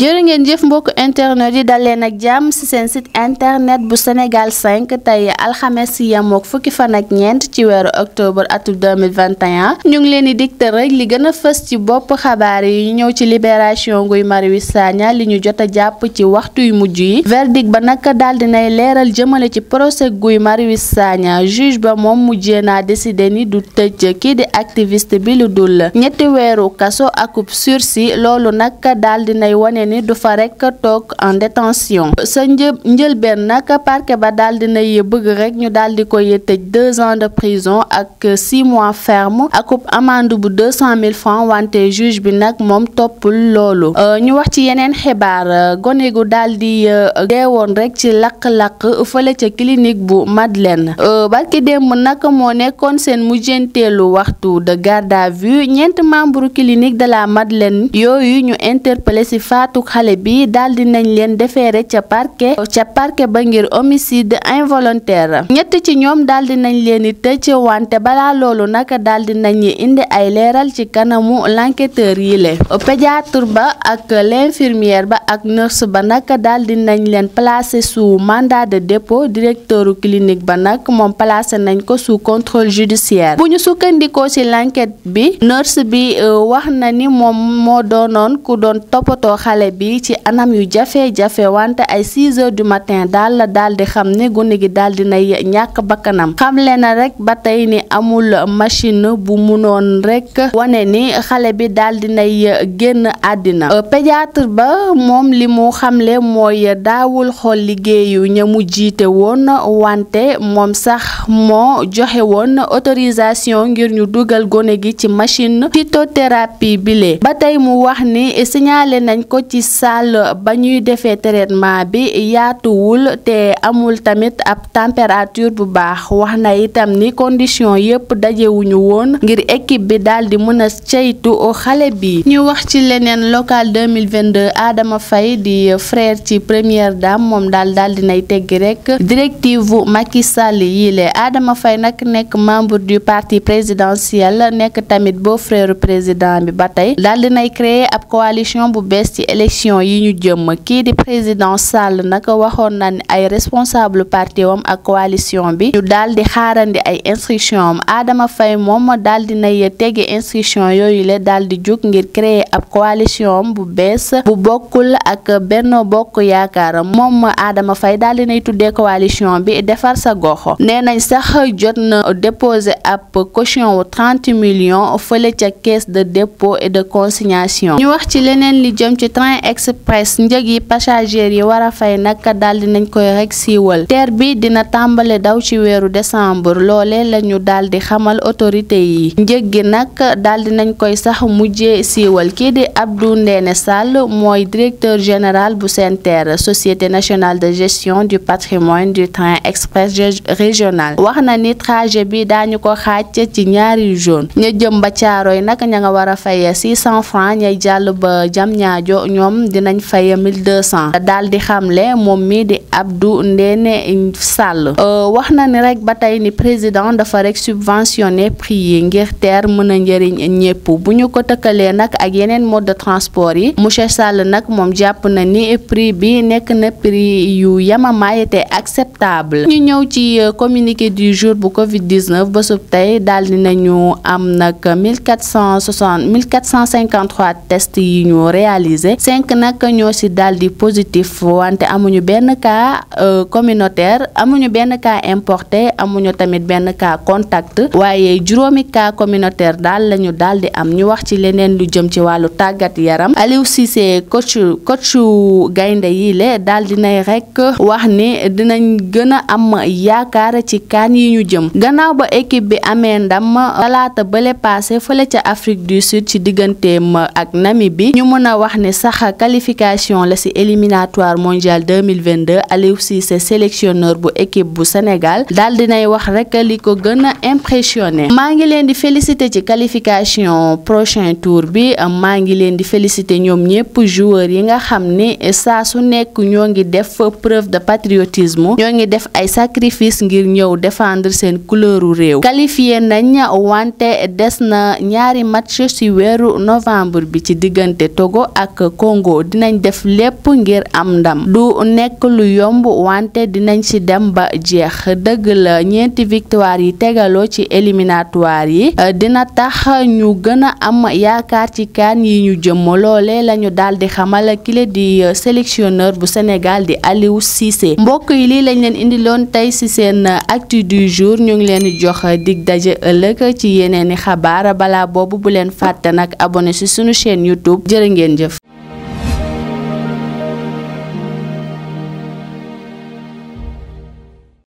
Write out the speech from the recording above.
jërë ngeen jëf mbokk internet yi dal leen ak jàmm ci seen site internet bu Sénégal 5 tey alxames yemook fukki fan ak ñeent ci weeru octobre atum 2021 ñu ngi leen di dikte rek li gën a fës ci bopp xabaar yi ñëw ci libération Guy Marius Sagna li ñu jot jàpp ci waxtu yu mujj yi verdict ba nag daal nay leeral jëmale ci procès Guy Marius Sagna juge ba moom mujje naa décidé ni du tëj kii di activiste bi lu dul ñetti weeru kaso akub sursis loolu nag daal dinay wane ni du fa rek toog en détention sa një njëlbeen nag parquet ba daal dinay bëgg rek ñu daal di koy tëj deux ans de prison ak six mois ferme akub amende bu deux cent mille francs wante juge bi nag moom toppul loolu euh, ñu wax ci yeneen xibaar gone gu daal di euh, deewoon rek ci lakk-lakk fële ca clinique bu Madeleine euh, barki démb nag moo nekkoon seen mujjanteelu waxtu de garde à vue ñeent membre clinique de Madeleine yooyu ñu interpellé ci faatu xale bi daldi nañ leen defeere ca parquet ca parquet ba ngir homicide involontaire ñett ci ñoom daldi nañ leen di tëj wante balaa loolu naka daldi nañ indi ay leeral ci kanamu l'enquêteur yi le pédiatre ba ak l'infirmière ba ak nurse ba naka daldi nañ leen placé sous mandat de dépôt directeuru clinique ba nag moom placé nañ ko sous contrôle judiciaire bu ñu sukkandikoo ci l'enquête bi nurse bi euh, wax na ni moom moo doonoon ku doon toppatoo xale bi ci anam yu jafe-jafe wante ay 6 heures du matin daal la daal di xam ne gone gi daal di nay ñàkk bakkanam xamle na rek ba tey ni amul machine bu munoon rek wane ni xale bi daal di nay génn àddina euh, pédiatre ba moom li mu xamle mooy daawul xool liggéeyu ña mu jiite woon wante moom sax moo joxe woon autorisation ngir ñu dugal gone gi ci machine phytothérapie bile ba tey mu wax ni signalé nañ ko ci salle ñuy defee traitement bi yaatuwul te amul tamit ab température bu baax wax na itam ni condition yépp dajewuñu woon ngir équipe bi daal di mën a ceytu xale bi ñu wax ci leneen local 2022 Adama Faye di frère ci première dame moom daal daal nay teggi rek directive bu Macky Sall yi le Adama nag nekk membre du parti présidentiel nekk tamit beau frère président bi ba tey daal dinay créer ab coalition bu bees ci élection yi ñu jëm kii di président Sall naka waxoon na ne ay responsable parti wam ak coalition bi ñu daal di xaarandi ay instruction am aadama Faye moom daal di nay tege instruction yooyu le daal di jug ngir créer ab coalition bu bees bu bokkul ak benn Bokk Yaakaar moom aadama fay daal di nay tuddee coalition bi defar sa goxo nee nañ sax jot na déposer ab caution wu 30 millions fële ca caisse de dépôt et de consignation ñu wax ci leneen li jëm ci train express njëg yi passagers yi war a fay nag daal di nañ koy rek siiwal teer bi dina tàmbale daw ci weeru décembre loole la ñu daal di xamal autorité yi njëg gi nag daal nañ koy sax mujjee siiwal kii di Abdou Ndéné Sall mooy directeur général bu SENTER société nationale de gestion du patrimoine du train express régional wax na ni trajet bi daañu ko xaaj ci ñaari zone ña jëm ba yi nak ña nga war a fay 600 francs ñay jàll ba Diamniadio ñoom dinañ fay 2200 daal di xamle moom mii di Abdou Ndéné Sall euh, wax na ni rek ba tey ni président dafa rek subventionné prix yi ngir teer mën a njëriñ ñëpp bu ñu ko tëkkalee nag ak yeneen mode de transport yi monsieur Sall nag moom jàpp na ni prix bi nekk na prix yu yamamaay te acceptable ñu ñëw ci euh, communiqué du jour bu Covid 19 ba sub tey daal di nañu am nag 1460 1453 tests yi ñu réalisé 5 nag ñoo si daal di positif wante amuñu benn cas euh, communautaire amuñu benn cas importé amuñu tamit benn cas contact waaye juróomi cas communautaire daal la ñu daal di am ñu wax ci leneen lu jëm ci wàllu tàggat yaram Aliou Cissé coach coachu gaynde yi le daal dinay rek wax ni dinañ gën a am yaakaar ci kaan yi ñu jëm gannaaw ba équipe bi amee ndam talaata bële passé fële ca Afrique du Sud ci digganteem ak Namibie ñu mën a wax ni sax qualification qualification la ci éliminatoire mondial 2022 Aliou Cissé sélectionneur bu équipe bu Sénégal daal dinay wax rek li ko gën a impressionné maa ngi leen di félicité ci qualification prochain tour bi maa ngi leen di félicité ñoom ñëpp joueurs yi nga xam ni saa su nekk ñoo ngi def preuve de patriotisme ñoo ngi def ay sacrifice ngir ñëw défendre seen couleur réew qualifié nañ wante des na ñaari match ci weeru novembre bi ci diggante Togo ak Congo dinañ def lépp ngir am ndam du nekk lu yomb wante dinañ si dem ba jeex dëgg la ñeenti victoire yi tegaloo ci éliminatoire yi euh, dina tax ñu gën a am yaakaar ci kaan yi ñu jëm loole lañu daal di xamal kile di euh, sélectionneur bu Sénégal di Aliou Cissé mbokk yi lii lañ leen indiloon tey ci seen euh, actu du jour ñu ngi leen di jox dig daje ëllëg ci yeneeni xabaar balaa boobu bu leen fàtte nag abonné ci sunu chaîne YouTube jërë ngeen jëf